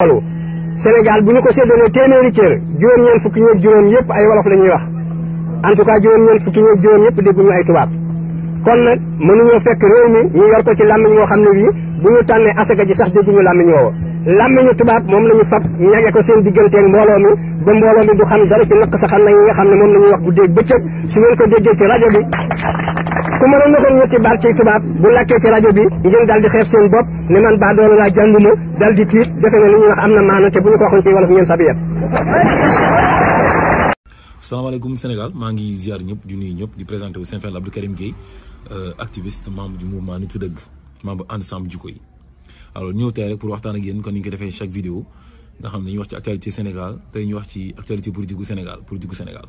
loolu Sénégal bu ñu ko séddalee téeméeri cër juróom-ñeent fukki ñeeg ay wolof la ñuy wax en tout cas juróom-ñeent fukki ñeeg juróom yëpp dégguñu ay tubaab kon nag mënuñoo fekk réew mi ñu yor ko ci làmmiñ woo xam wii bu ñu tànnee asaka ji sax dégguñu làmmiñ woowu làmmiñu tubaab moom la fab ñage ko seen digganteeg mbooloo mi ba mbooloo mi du xam dara ci naq sa xam yi nga xam ne moom la wax guddeeg bëccëg su ngeen ko déggee ci rajo bi su mënoon na ko ñetti baat ci tubaab bu lakkee ci rajo bi ngeen daal di xeeb seen bopp ne man baa doon laa jànguma daal di tiit defe ne li ñuy wax am na maana te bu ñu ko waxoon ci wolof ngeen sabi yet asalaamaaleykum Sénégal maa ngi ziar ñëpp di nuyu ñëpp di présenté wu Saint-Fane Abdou Karim Gueye euh, activiste membre du mouvement Nitu Dëgg bu ànd sàmm jikko yi alors ñëw tey rek pour waxtaan ak yéen kon ni ñu ko defee chaque vidéo nga xam ne ñu wax ci actualité Sénégal tey ñu wax ci actualité politique gu Sénégal politique gu Sénégal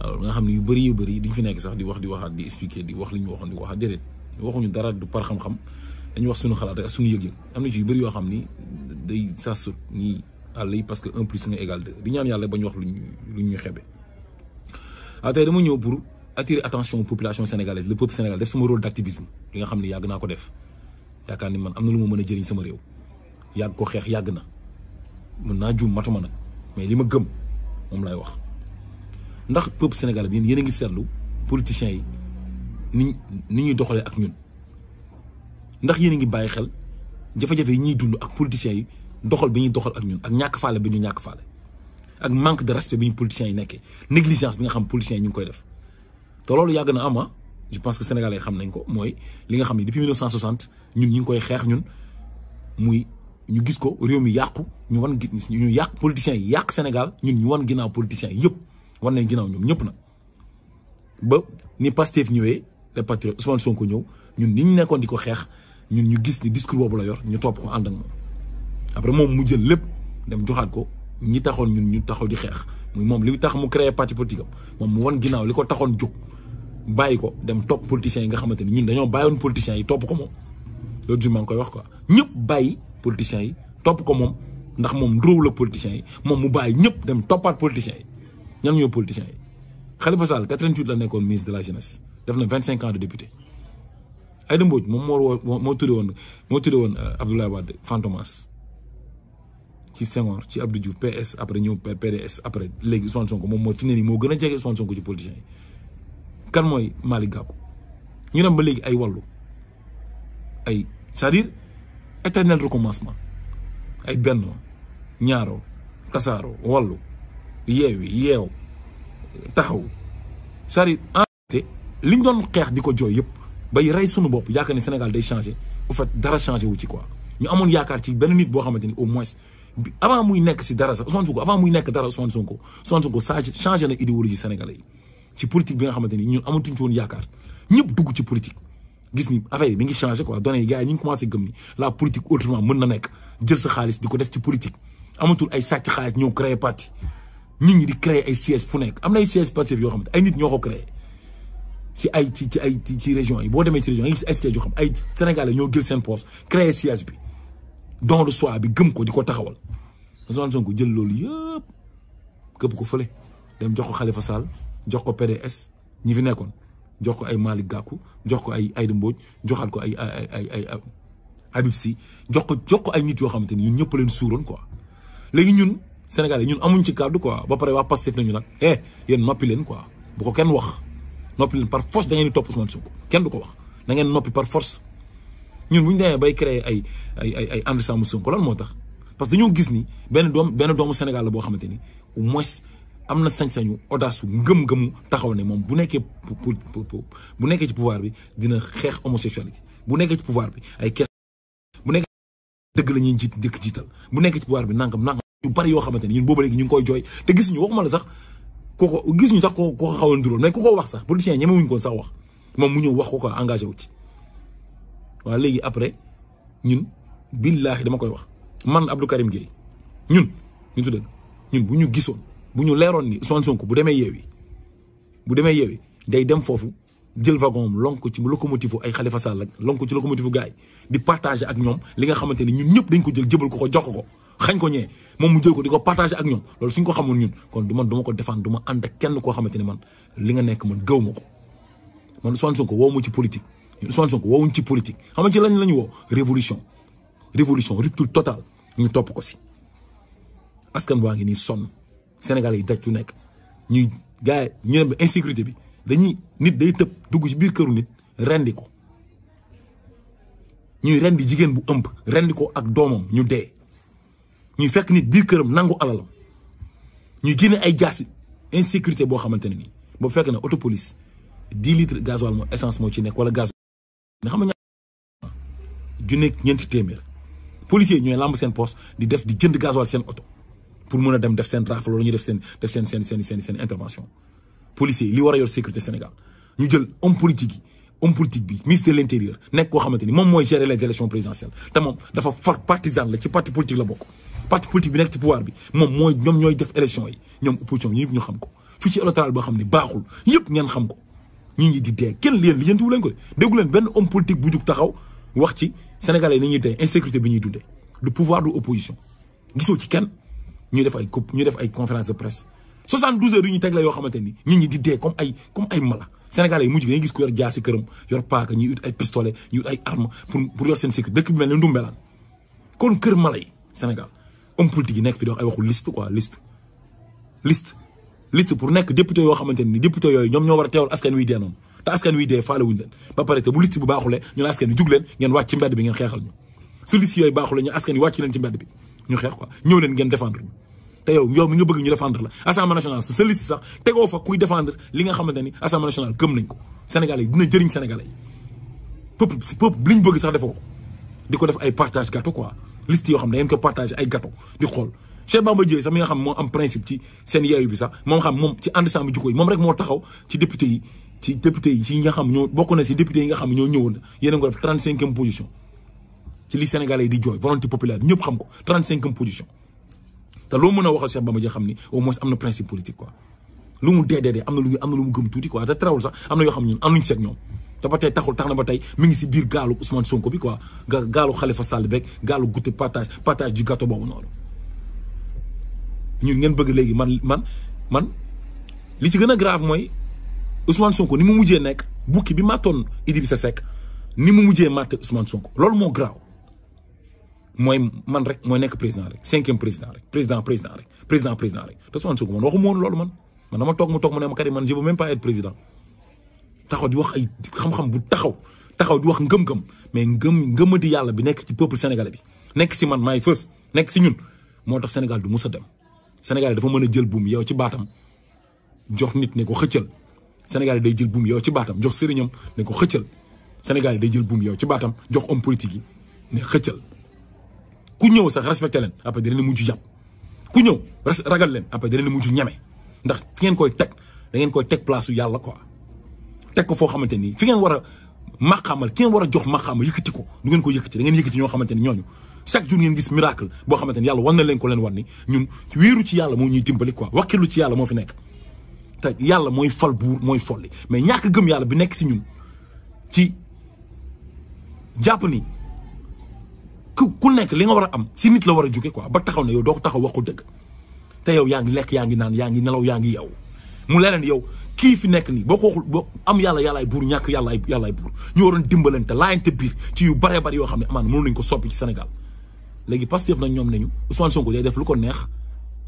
alors nga xam ne yu bëri yu bëri duñ fi nekk sax di wax di waxaat di expliquer di wax li ñu di ko waxaat déedéet waxuñu dara du par xam-xam dañu wax suñu xalaat rek ak suñu yëg-yëg am na ci yu bëri yoo xam day sasut ñi àll parce que un plus 1 égal deux di ñaan yàlla bañ wax luñ luñ ñu xebe ah, dama ñëw pour attirer attention population sénégalaise le peuple sénégalais def sama rôle d' activisme li nga xam ne yàgg naa ko def yaakaar ni man am na lu ma mën a jëriñ sama réew yàgg ko xeex yàgg na mën naa matuma nag mais li gëm moom lay wax ndax peuple sénégal bi yéen a ngi seetlu politiciens yi ni ni ñuy doxalee ak ñun ndax yéen a ngi bàyyi xel jafe-jafe yi ñuy dund ak politiciens yi doxal bi ñu doxal ak ñun ak ñàkk faale bi ñu ñàkk faale ak manque de respect bi ñu politiciens yi nekkee négligence bi nga xam politiciens yi ñu ngi koy def te loolu yàgg na ama ah, je pense que sénégalais xam nañ ko mooy li nga xam ne depuis 1960 ñun ñu ngi koy xeex ñun muy ñu gis ko réew mi yàqu ñu wan ñu yàq politiciens yi yàq Sénégal ñun ñu wan ginnaaw politiciens yëpp. war nañ ginnaaw ñëpp nag ba ni Pastef ñëwee les patriotes soo ko ñëw ñun ni ñu nekkoon di ko xeex ñun ñu gis ni discours boobu la yor ñu topp ko ànd ak moom après moom mu jël lépp dem joxaat ko ñi taxoon ñun ñu taxaw di xeex muy moom li tax mu créer parti politique am moom mu wan ginnaaw li ko taxoon jóg bàyyi ko dem topp politiciens yi nga xamante ni ñun dañoo bàyyoon politiciens yi topp ko moom loolu jur maa ngi koy wax quoi ñëpp bàyyi politiciens yi topp ko moom ndax moom ndróowu la politiciens yi moom mu bàyyi ñëpp dem toppaat politiciens yi ñan ñoo politiciens yi Khalifa Sall 88 la nekkoon ministre de la jeunesse def na 25 ans de député Aïda Mbodj moom moo moo tuddee woon moo tuddee woon euh, Abdoulaye Wade Fantomas ci Senghor ci Abdou Diouf PS après ñëw PDS après léegi Ousmane Sonko moom moo fi ne nii moo gën a jege Ousmane Sonko ci politiciens yi. kan mooy Malick Gakou ñu dem ba léegi ay wàllu ay cest à éternel recommencement ay benn ñaaro tasaaro wàllu. yeewi yeew taxaw sari à dire en réalité li ñu doon xeex di ko jooy bay ray sunu bop yaakaar ne Sénégal day changer au fait dara changer wu ci quoi ñu amone yaakaar ci ben nit bo xamanteni au moins avant muy nek ci dara sax Ousmane Sonko avant muy nek dara Ousmane Sonko Ousmane Sonko changer na idéologie sénégalais ci politique bi nga xamanteni ni ñun amatuñ ci won yaakaar ñëpp dugg ci politique gis ni affaire mi ngi changer quoi donné yi gars ñi commencé gëm ni la politique autrement mën na nek jël sa xaalis diko def ci politique amatul ay sàcc xaalis ñeu créer parti nit ñi di créer ay sièges fu nekk am na sièges Pastef yoo xam ay nit créer région yi région ay xam ay Sénégalais ñoo créé un poste siège bi de bi gëm ko taxawal jël ko dem jox ko Khalifa Sall jox ko PDS ñi jox ko ay jox ko ay Mbodj ko ay ay sénégalais ñun amuñ ci cadre quoi ba paré wa Pastef nañu nak eh yeen nopi len quoi bu ko kenn wax nopi len par force da ngay ni top Ousmane Sonko kenn du ko wax da ngeen nopi par force ñun bu déné bay créer ay ay ay ay ànd sàmm Sonko lan motax parce dañu gis ni ben dom ben doomu Sénégal la bo xamanteni au moins amna sañ-sañu audace ngëm-ngëmu taxaw ne mom bu nekké bu nekké ci pouvoir bi dina xex homosexuality bu nekké ci pouvoir bi ay kess bu nekké deug la ñuy dëkk jiital bu nekké ci pouvoir bi nangam nangam yu bari yoo xamante ni ñun boobu léegi ñu ngi koy jooy te gis ñu waxuma la sax koko gis ñu sax ko ko xawoon a nduróol mais ku ko wax sax politiciens yi ñemewuñu ko sax wax moom mu ñëw wax ko ko engagé wu ci waaw léegi après ñun billaahi dama koy wax man Abdou Karim ñun ñu tuddëgg ñun bu ñu gisoon bu ñu leeroon ni Ousmane Sonko bu demee yi bu demee yeewi day dem foofu jël wagon moom lonk ci locomotive ay Khalifa Sall ak lonk ci locomotive gaay yi di partager ak ñoom li nga xamante ni ñun ñëpp dañ ko jël jëbal ko ko jox ko xañ ko ñee moom mu jël ko di ko partagé ak ñoom loolu suñ ko xamoon ñun kon du man ko défendre du ma ànd ak kenn koo xamante ne man li nga nekk man gëw ma ko man Ousmane Sonko woo mu ci politique ñun Ousmane Sonko ci politique xam na ci lañ la ñu woo révolution révolution rupture totale ñu topp ko si askan waa ngi nii sonn Sénégal yi daj yu nekk ñu gars ñu dem insécurité bi dañuy nit day tëb dugg ci biir këru nit rendi ko ñuy rendi jigéen bu ëmb rendi ko ak doomam ñu dee ñuy fekk nit biir këram nangu alalam ñuy génne ay insécurité fekk 10 litres gasoil essence moo ci nekk wala gaz xam policiers poste di def di jënd pour mën dem def rafle intervention policiers li war yor sécurité Sénégal ñu jël homme politique politique bi ministre de l'intérieur, gérer les élections présidentielles dafa partisan la ci parti politique parti politique bi nek ci pouvoir bi mom moy ñom ñoy def élection yi ñom opposition bi ñu xam ko fi ci électoral boo xam ne baaxul yëpp ngeen xam ko ñi ñi di dee kenn leen lijjantiwu leen ko déggu leen ben homme politique bu juk taxaw wax ci sénégalais yi ni ñuy dee insécurité bi ñi dundé du pouvoir du opposition gisoo ci kenn ñu def ay coupe ñu def ay conférence de presse 72 heures ñu teg la yoo xamante ni ñi di dé comme ay comme ay mala sénégalais yi mujj ngay dañuy gis ku yor ci kërëm yor paaka ñi ut ay pistolet ñuy ut ay arme pour pour yor sen sécurité dëkk bi mel ne ndumbelaan kon kër mala yi Sénégal homme politique yi nekk fi di wax ay waxu liste quoi liste liste liste pour nekk député yoo xamante ni député yooyu ñoom ñoo war a teewal askan wi dee noonu te askan wi dee faale wuñu leen ba pare te bu liste bu baaxulee ñu ne askan wi jug ngeen wàcc ci mbedd bi ngeen xeexal ñu su liste yooyu baaxulee ñu askan wi wàcc leen ci bi ñu xeex quoi ñëw leen ngeen défendre te yow yow nga bëgg ñu défendre la assemblée nationale sa liste sax tegoo fa kuy défendre ko sénégalais yi dina jëriñ sénégalais yi quoi liste yo xam ne ko partager ay gâteau di xol Cheikh Bamba Dièye sax nga xam mo am principe ci sen yeyu bi sax mom xam mom ci ànd bi jikko mom rek mo taxaw ci député yi ci député yi ci nga xam ñoo bokk na si député yi nga xam ñoo ñewoon yéen a ngi ko def trente cinquième position ci li Sénégalais yi di joy volonté populaire ñëpp xam ko 35e position te lo mëna waxal Cheikh Bamba Dièye xam ni au moins amna principe politique quoi lu mu dee dee dee lu amna lu mu gëm touti quoi te terawul sax amna yo xam ñun am ci seet ñom te ba tey taxul taxna na ba tey mi ngi ci bir galu Ousmane Sonko bi quoi galu Khalifa Sall bek galu goûter partage partage du gâteau boobu noonu ñun ngeen bëgg légui man man man li ci gëna grave moy Ousmane Sonko ni mu mujjé nek bukki bi matone Idrissa Seck ni mu mujjé màtte Ousmane Sonko loolu mo grave moy man rek mooy nek président rek 5e président rek président président rek président président rek Ousmane Sonko mo waxu mo loolu man man dama tok mu tok mu ne ma man je veux même pas être président. taxaw di wax ay xam-xam bu taxaw taxaw di wax ngëm-ngëm mais ngëm ngëmadi yàlla bi nekk ci peuple sénégalais bi nekk si man maay fës nekk si ñun moo tax sénégal du mus a dem sénégal dafa mën a jël buum yow ci baatam jox nit ne ko xëccal sénégal day jël buum yow ci baatam jox sëriñam ne ko xëccal sénégal day jël buum yow ci baatam jox homme politique yi ne ku ñëw sax respecté après dina ku ñëw ragal après dina ndax ngeen koy da ngeen koy place quoi teg ko foo xamante ni fi ngeen war wara maqamal ki ngeen war a jox maqaama yëkkati ko du ngeen ko yëkkati da ngeen yëkkati ñoo xamante ni chaque jour ngeen gis miracle bo xamante ni yàlla war na leen ko leen war ni ñun wéeru ci yàlla moo ñuy dimbali quoi wakkilu ci yàlla moo fi nekk te yàlla mooy fal buur mooy folli mais ñàkk gëm yàlla bi si ñun ci jàpp ni ku ku li nga am si nit la war a quoi ba taxaw ne yow doo ko taxaw wax ko dëgg te yow yaa ngi lekk yaa ngi nelaw yow mu leneen yow ki fi nekk nii boo am yalla yalla am yàlla ñak yalla ay yalla ay buur ñu waron dimbalante laayante biir ci yu bare bare yo xam ne mënu ñu ko soppi ci senegal legi Pastef nak ñom nañu Ousmane Sonko day def lu ko neex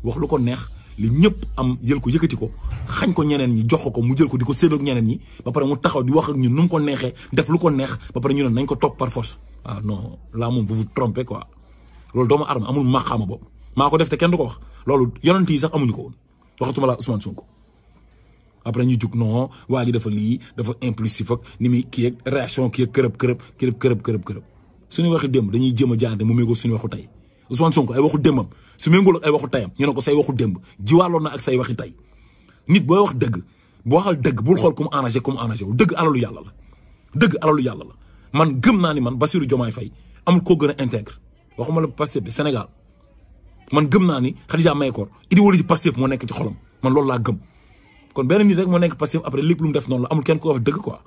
wax lu ko neex li ñepp am jël ko yëkëti ko xañ ko ñeneen ñi jox ko mu jël ko diko ko ak ñeneen ñi ba paré mu taxaw di wax ak ñun num ko neexé def lu ko neex ba paré ñu nañ ko top par force ah non la mom vous vous trompez quoi loolu doomu arme amul maqaama boobu mako def te kenn du ko wax lolou yonenti sax amuñu ko won waxatuma la Ousmane Sonko après ñu juk non waaji dafa li dafa impulsif ak ni mi ki ak réaction ki ak kërëb kërëb kërëb kërëb kërëb kërëb suñu waxi dem dañuy jëma jaande mu mego suñu waxu tay Ousmane Sonko ay waxu démbam su méngoo ak ay waxu tayam ñu nako say waxu démb jiwaaloon na ak say waxi tay nit boy wax deug bo waxal deug bul xol kum mu kum ku mu wu dëgg alalu yàlla la deug alalu yàlla la man gëm na ni man Bassirou Diomaye Faye amul ko gëna intègre waxuma la passé bi Sénégal man gëm na ni Khadija maykor idi Mahécor ci passé mo nekk ci xolam man loolu la gëm kon benn nit rek moo nekk Pastef après lépp lu mu def noonu la amul kenn ko wax dëgg quoi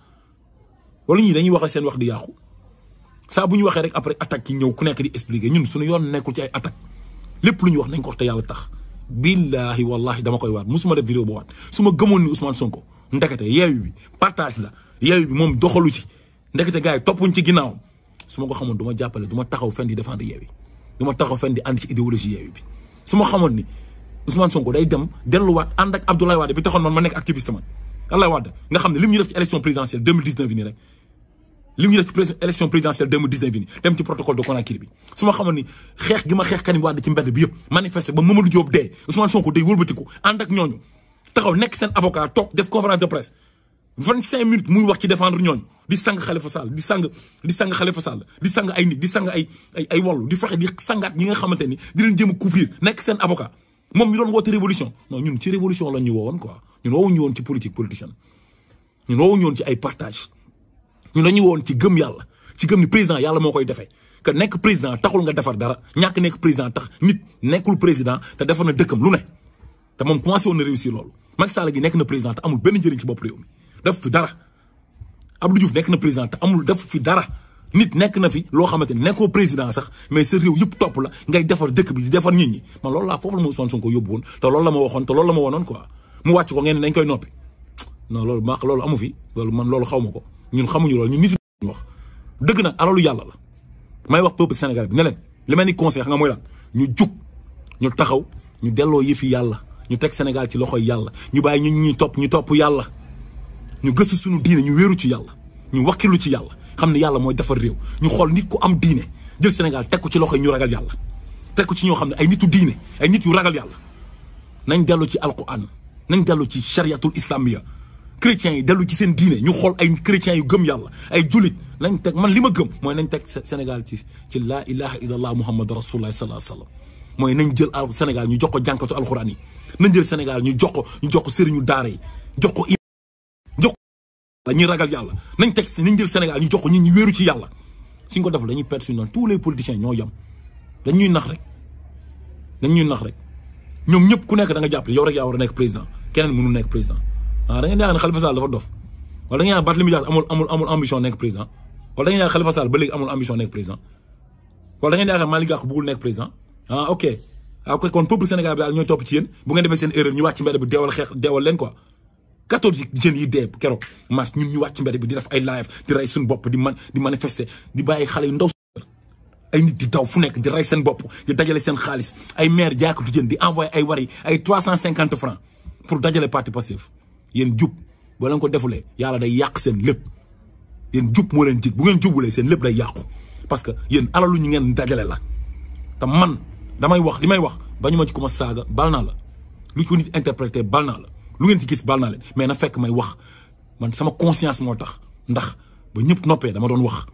wala ñii dañuy wax seen wax di yàqu saa bu ñu waxee rek après attaque yi ñëw ku nekk di expliquer ñun suñu yoon nekkul ci ay attaque lépp lu ñu wax nañ ko wax te yàlla tax billahi wallahi dama koy waat musuma def vidéo ba waat su ma gëmoon ni Ousmane Sonko ndekete yeewu bi partage la yeewu bi moom doxalu ci ndekete gars yi toppuñ ci ginnaaw su ma ko xamoon du jàppale du taxaw fenn di défendre yeewu du ma taxaw fenn di ànd ci idéologie yeewu bi su ma xamoon ni Ousmane Sonko day dem delou wat and ak Abdoulaye Wade bi taxone man ma nek activiste man Abdoulaye Wade nga xam limu ñu def ci élection présidentielle 2019 bi nii rek lim ñu def ci élection présidentielle 2019 bi dem ci protocole de Conakry bi su ma xamoon ni gi ma xex Karim Wade ci mbedd bi yëpp manifester ba Mamadou Diop dé Ousmane Sonko day wëlbatiku and ak ñooñu taxaw nek sen avocat tok def conférence de presse 25 minutes muy wax ci défendre ñooñu di sang Khalifa Sall di sang di sang Khalifa Sall di sang ay nit di sang ay ay ay wallu di fexe di sangat ñi nga xamanteni di leen jëm a couvrir nekk seen avocat moom ñu doon woote révolution non ñun ci révolution la ñu woon woowoon ñu ñun woowuñu woon ci politique politicienne ñun woowuñu woon ci ay partage ñun dañu woon ci gëm yàlla ci gëm ni président yàlla moo koy defee que nekk président taxul nga defar dara ñàkk nekk président tax nit nekkul président te defar na dëkkam lu ne te moom commencé woon na réussir loolu Macky Sall gi nekk na président te amul benn njëriñ ci bopp réew mi def fi dara Abdou Diouf nekk na président amul def fi dara nit nekk na fi loo xamante ne nekkoo président sax mais sa réew yëpp topp la nga defar dëkk bi di defar nit ñi man lool laa foofu la ma Ousmane Sonko yóbbu woon te loolu la ma waxoon te loolu la ma wonoon quoi mu wàcc ko ngeen dañ noppi non loolu maa loolu amu fi loolu man loolu xaw ma ko ñun xamuñu ñu ñun nit ñu wax dëgg na alalu yàlla la maay wax peuple Sénégal bi ne leen li mel ni conseil xam nga mooy lan ñu jug ñu taxaw ñu delloo yëfi yàlla ñu teg Sénégal ci loxo yàlla ñu bàyyi ñu ñuy topp ñu topp yàlla ñu gëstu suñu diine ñu wéeru ci yàlla ñu wakkilu ci yàlla xam ne yàlla mooy defar réew ñu xool nit ku am diine jël Sénégal teg ko ci loxo ñu ragal yàlla teg ko ci ñoo xam ne ay nitu diine ay nit yu ragal yàlla nañ dellu ci alquran nañ dellu ci chariatul islamiya chrétiens yi dellu ci seen diine ñu xool ay chrétiens yu gëm yàlla ay jullit lañ teg man li ma gëm mooy nañ teg Sénégal ci ci laa ilaha illallah muhammad rasulullah sallallahu alayhi wasallam mooy nañ jël Sénégal ñu jox ko jànkatu alxuraan yi nañ jël Sénégal ñu jox ko ñu jox ko sëriñu daara yi ñi ragal yàlla nañ teg si nañ jël Sénégal ñu jox ko ñi ñu wéeru ci yàlla suñ ko deful dañuy perte suñu noonu tous les politiciens ñoo yem dañ ñuy nax rek dañ nax rek ñoom ñëpp ku nekk da nga jàpp yow rek yaa war a nekk président keneen mënul nekk président ah da ngeen yaakaar ne Khalifa Sall dafa amul amul amul ambition nekk président wala ba léegi amul ambition nekk président wala da ngeen yaakaar Malick Gakou bëggul nekk président ah, ah ok kon peuple Sénégal bi daal ñooy topp ci yéen bu ngeen defee seen erreur ñu wàcc mbedd bi deewal xeex deewal leen ko quatorze jeunes yi deb kéro mars ñun ñu wacc mbedd bi di def ay live di ray suñu bop di man di manifester di baye xalé ndaw ay nit di daw fu nek di ray sen bop di dajale sen xaalis ay maire du jën di envoyer ay wari ay 350 francs pour dajale parti passif yeen jub bo lan ko defulé yalla day yak sen lepp yeen jub mo leen jig bu ngeen jubulee sen lepp day yàqu parce que yeen alalu ñu ngeen dajalé la ta man damay wax limay wax bañuma ci kuma saga saaga la lu ko nit interpréter bal la lu ngeen ci gis baal naa leen mais na fekk may wax man sama conscience moo tax ndax ba ñëpp noppee dama doon wax.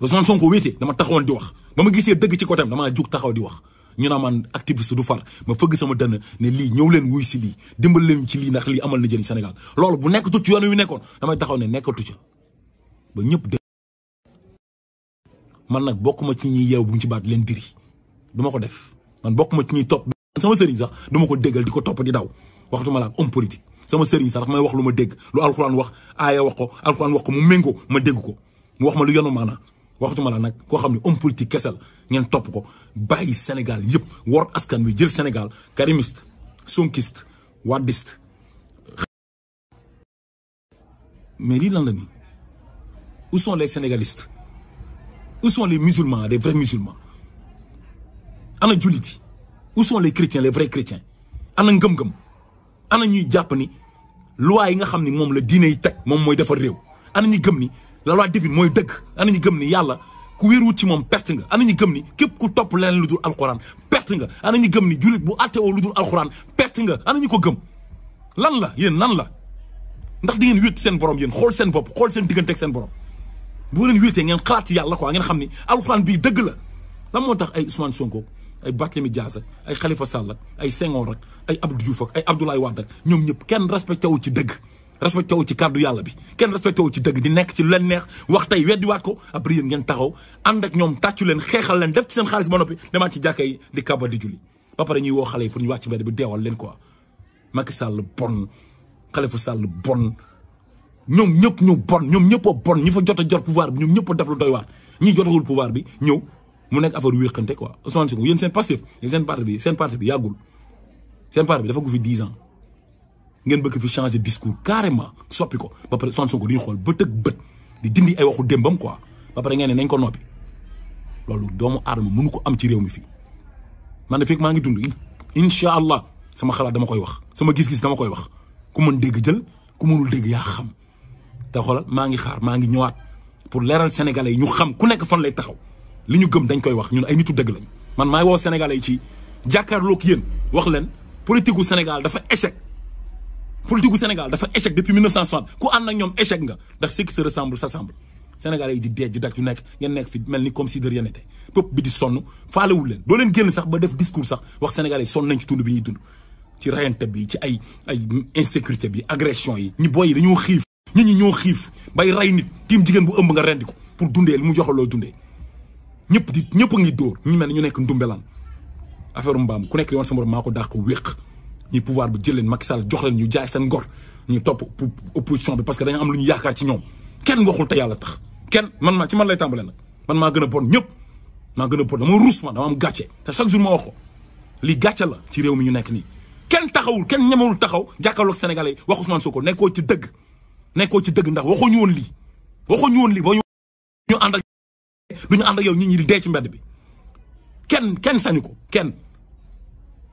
Ousmane Sonko wéetee dama taxawoon di wax ba ma gisee dëgg ci côté damaa jug taxaw di wax ñu na man activiste du far ma fëgg sama dënn ne lii ñëw leen wuy si lii dimbal leen ci lii ndax lii amal na jëriñ Sénégal lool bu nekk tut ci yoon wi nekkoon damay taxaw ne nekkatu ca ba ñëpp dégg man nag bokkuma ci ñi yeew bu ñu ci baat leen diri du ko def man bokkuma ci ñuy topp sama sëriñ sax du ko déggal di ko topp di daw waxtuma un homme politique sama sa dafa may wax lu je lu alcorane wax aya wax ko homme wax ko mu mengo ma deg ko mu wax ma lu waxtuma un homme politique top ko Sénégal wor askan wi jël Sénégal karimiste sonkiste waddiste mais lan la où sont les sénégalistes où sont les musulmans les vrais musulmans ana où sont les chrétiens les vrais chrétiens ana ana ñuy jàpp ni loi yi nga xam ni moom la diine yi teg moom mooy defar réew ana ñu gëm ni la loi mooy dëgg ana ñu gëm ni yàlla ku wéeru ci moom perte ana ñu gëm ni képp ku topp leneen lu dul alxuraan perte nga ana ñu gëm ni jullit bu woo lu dul alxuraan perte nga ana ñu ko gëm lan la yéen lan la ndax di ngeen wéet seen borom yéen xool sen bopp xool seen diggante ak seen borom boo leen wéetee ngeen xalaat ci yàlla ko ngeen xam ni alxuraan bii dëgg la lan moo tax ay Ousmane Sonko ay Barthélémy Dias ay Khalifa Sall ay Senghor ak ay Abdou Diouf ak ay Abdoulaye Wade ak ñoom ñëpp kenn respecté wu ci dëgg respecté wu ci kàddu yàlla bi kenn respecté wu ci dëgg di nekk ci lu leen neex wax tey waat ko après yéen ngeen taxaw ànd ak ñoom tàccu leen xeexal leen def ci seen xaalis ba noppi demaat ci jàkka yi di kaba di julli ba pare ñuy woo xale yi pour ñu wàcc mbedd bi deewal leen ko Macky Sall bon Khalifa Sall bon ñoom ñëpp ñu bon ñoom ñëpp a ñi fa jot jot pouvoir bi ñoom ñëpp def lu doy waar ñi jotagul pouvoir bi ñëw mu nek affaire wéqante quoi Ousmane Sonko yeen sen Pastef yeen sen parti bi sen parti bi yagul sen parti bi dafa gu fi 10 ans ngeen bëgg fi changer discours carrément soppi ko ba paré Ousmane Sonko duñu xol beut ak beut di dindi ay waxu dembam quoi ba paré ngeen ne nañ ko nopi loolu doomu aadama mënu ko am ci réew mi fi man de fekk ngi dund inshallah allah sama xalaat dama koy wax sama gis-gis dama koy wax ku mën dégg jël ku mënul dégg ya xam da xolal ma ngi xaar ma ngi ñëwaat pour leral sénégalais ñu xam ku nekk fan lay taxaw liñu gëm dañ koy wax ñun ay nitu dëgg lañ man may wo Sénégalais yi ci jàkkaarloog yeen wax leen politique gu Sénégal dafa échec. politique gu Sénégal dafa échec depuis 1960 ku and ak ñom échec nga ndax ce qui se ressemble s'assemble Sénégalais di dédj di daj du nekk ngeen nekk fi melni comme si de rien n'était peuple bi di sonu faalé faalewul leen do leen genn sax ba def discours sax wax Sénégalais son nañ ci tund bi ñi dund. ci rayante bi ci ay ay insécurité bi agression yi ñi boy yi dañoo xiif nit ñi ñoo xif bay ray nit tim jigéen bu ëmb nga rendiko pour dundee li mu jox la ñëpp di ñëpp ngi door ñu mel ñu nekk ndumbelan affaire mbam ku nekk di wan sa morom mako ko dàq ñi pouvoir bu jël leen Macky Sall jox leen ñu jaay sen ngor ñu top opposition bi parce que dañu am lu ñu yaakaar ci ñom kenn waxul ta yalla tax kenn man ma ci man lay tambalé nak man ma gëna bon ñëpp ma gëna bon dama rouss man dama am gatché te chaque jour ma wax ko lii la ci réew mi ñu nekk ni kenn taxawul kenn ñemewul taxaw jàkkaarloog sénégalais wax Ousmane Sonko nekkoo ci dëgg nekkoo ci dëgg ndax won li lii ñu won li ba ñu andal du ñu ànd ak yow nit ñi di ci mbedd bi kenn kenn sañu ko kenn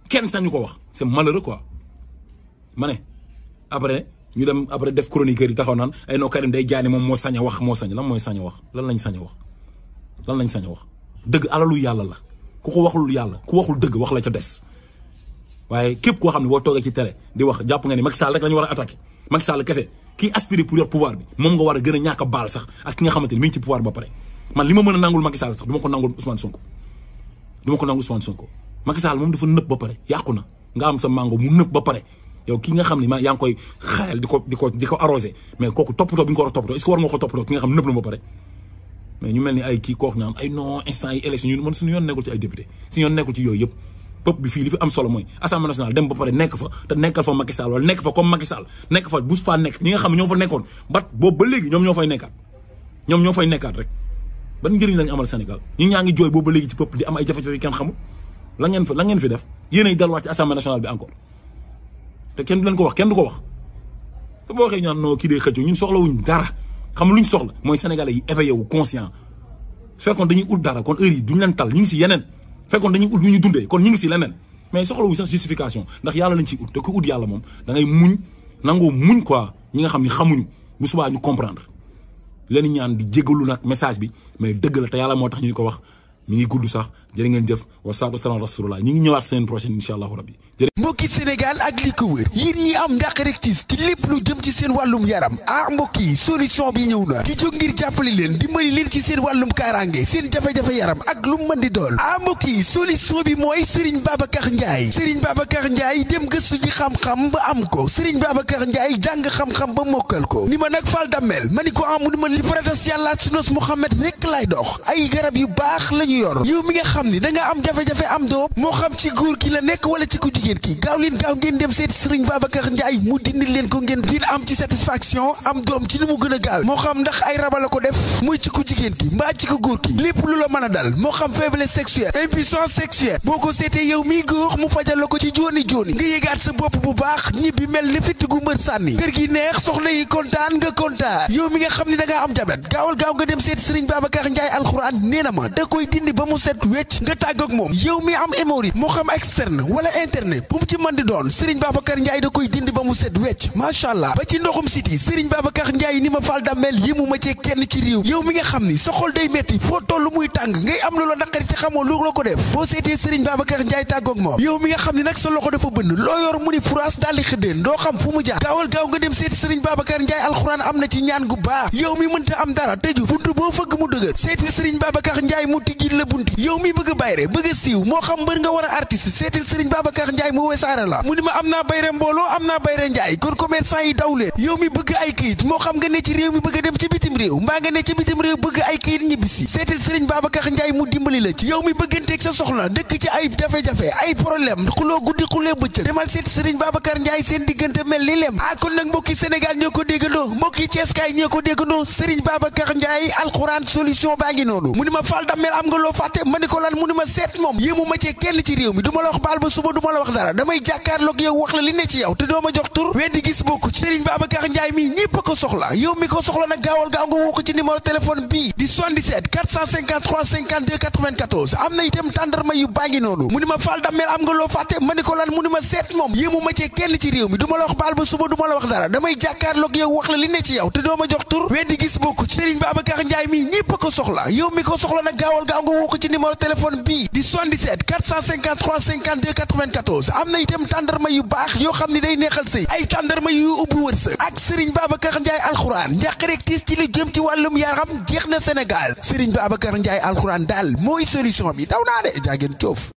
kenn sañu ko wax c'est malheureux quoi ma ne après ñu dem après def chroniqueur yi taxaw naan ay eh, noo Karim day jaane moom moo saña wax moo sañ lan mooy sañ wax lan lañ sañ a wax lan lañ sañ a wax dëgg alalu yàlla la ku ko waxul yàlla ku waxul dëgg wax la ca des waaye képp koo xam ne boo toogee ci télé di wax jàpp nga ni Macky Sall rek la war a attaqué Macky Sall kese kii aspiré pour yor pouvoir bi moom nga war a ñàkk a baal sax ak ki nga xamante ni ci pouvoir ba pare man li ma mën a nangul Macky Sall sax du ma ko nangul Ousmane Sonko du ma ko nangul Ousmane Sonko Macky Sall moom dafa nëb ba pare yàqu na nga am sa mango mu nëb ba pare yow ki nga xam ne maa yaa ngi koy xayal di ko di ko di ko arrosé mais kooku toppatoo bi nga ko war a toppatoo est ce que war nga ko toppatoo ki nga xam nëb na ba pare mais ñu mel ni ay kii koox na am ay non instant yi élection ñun man suñu yoon nekkul ci ay député suñu yoon nekkul ci yooyu yëpp peuple bi fii li fi am solo mooy assemblée nationale dem ba pare nekk fa te nekkal fa Macky Sall wala nekk fa comme Macky Sall nekk fa bus fa nekk ñi nga xam ne ñoo fa nekkoon ba boobu ba léegi ñoom ñoo fay nekkaat ñoom ñoo fay nekkaat rek ban ngirign lañ amal senegal ñi ñangi joy bobu legi ci peuple di am ay jafé jafé ken xamu xamul la ngeen fi la ngeen fi def yene dal delluwaat ci assemblée nationale bi encore te ken du leen ko wax ken du ko wax te bo waxee ñaan no ki dee xëccu ñun wuñ dara xam luñ soxla moy sénégalais yi éveillé wu conscient su fekkoon dañuy ut dara kon heure yi duñ leen tal ñi ngi si yeneen fekkoon dañuy ut lu ñu dundee kon ñi ngi ci lenen mais soxlawuñ sax justification ndax yalla lañ ci ut te ku ut yalla mom da ngay muñ nangoo muñ quoi ñi nga xam ni xamuñu bu suba ñu comprendre leen ñaan di jégalu nag message bi mais dëgg la te yàlla moo tax ñu ko wax mi ngi gudd sax jërë ngeen jëf wasalaatu wasalaam rasulullah ñi ngi ñëwaat semaine prochaine incha allahu rabbi mbokki Sénégal ak li ko wër yéen ñi am ndax rectis ci lépp lu jëm ci seen wàllum yaram ah mbokk yi solution bi ñëw na ki jóg ngir jàppale leen dimbali leen ci seen wàllum kaaraange seen jafe-jafe yaram ak lu mën di dool ah mbokk yi solution bi mooy Serigne Babacar Ndiaye Serigne Babacar Ndiaye dem gëstu ji xam-xam ba am ko Serigne Babacar Ndiaye jàng xam-xam ba mokkal ko ni ma nag fal dammel ma ni ko amu ah, ni ma li faratas yàlla sunos Mouhamed rekk laay dox ay garab yu baax la ñu yor xam ni da nga am jafe-jafe am doom moo xam ci góor ki la nekk wala ci ku jigéen ki gaaw leen gaaw ngeen dem seeti Serigne Babacar Ndiaye mu dindi leen ko ngeen gën am ci satisfaction am doom ci li mu gën a gaaw moo xam ndax ay raba la ko def muy ci ku jigéen ki mbaa ci ku góor ki lépp lu la mën a dal moo xam faiblesse sexuelle impuissance sexuelle boo ko seetee yow miy góor mu fajal la ko ci jooni jooni nga yëgaat sa bopp bu baax ñibbi mel ne fitt gu mbër sànni kër gi neex soxna yi kontaan nga mi nga xam ne da ngaa am jabet gaawal gaaw nga da koy dindi ba mu set wàcc nga tàggook moom yow mi am hémorroïde moo xam externe wala internet bu mu ci mën di doon Serigne Babacar Ndiaye da koy dind ba mu set wecc macha allah ba ci ndoxum siti Serigne Babacar Ndiaye ni ma fal dammel yi ma cee kenn ci yow mi nga xam ni sa xol day foo toll muy tàng ngay am lu la naqari te xamoo lu la ko def boo seetee Serigne Babacar Ndiaye tàggoog moom yow mi nga xam ni nag sa loxo dafa bënn loo yor mu ni furaas daal di xëddeen doo xam fu mu jaar gaawal gaaw nga dem seeti Serigne Babacar Ndiaye alxuraan am na ci ñaan gu baax yow mi mënta am dara tëju buntu boo fëgg mu dëgër seeti Serigne Babacar Ndiaye mu tijjil la bunt yow mi bëgg bayre bëgg siiw moo xam mbër nga war a artiste seetil Serigne Babacar Ndiaye mu wesaare la mu ni ma am naa bayre mbooloo am naa bayre njaay kon commerçant yi daw leen mi bëgg ay kayit moo xam nga ne ci réew mi bëgg a dem ci bitim réew mbaa nga ne ci bitim réew bëgg ay kayit ñibbisi seetil Serigne Babacar Ndiaye mu dimbali la ci yow mi bëgganteeg sa soxla dëkk ci ay jafe-jafe ay problème xuloo guddi xulee bëccëg demal seet Serigne Babacar Ndiaye lan mu ni ma seet moom yéemu ma cee kenn ci réew mi du la wax baal ba suba du la wax dara damay jàkkaarloog yow wax la li ne ci yow te doo jox tur weddi gis bokku ci Serigne Babacar Ndiaye mi ñépp a ko soxla yow mi ko soxla nag gaawal gaaw nga woo ci numéro téléphone bii di 77 453 yow wax la li ne ci yow te doo jox tur weddi gis bokku ci Serigne Babacar Ndiaye mi ñépp a ko soxla yow mi ko soxla nag gaawal gaaw nga woo ci numéro téléphone bii di 77 453 52 94 am na itam tàndarma yu baax yoo xam ne day neexal say ay tàndarma yu ubbi wërsëg ak Serigne Babacar Ndiaye alxuraan njàq rek tiis ci lu jëm ci wàllum yaram jeex na Sénégal Serigne Babacar Ndiaye alxuraan daal mooy solution bi daw naa de jaageen coof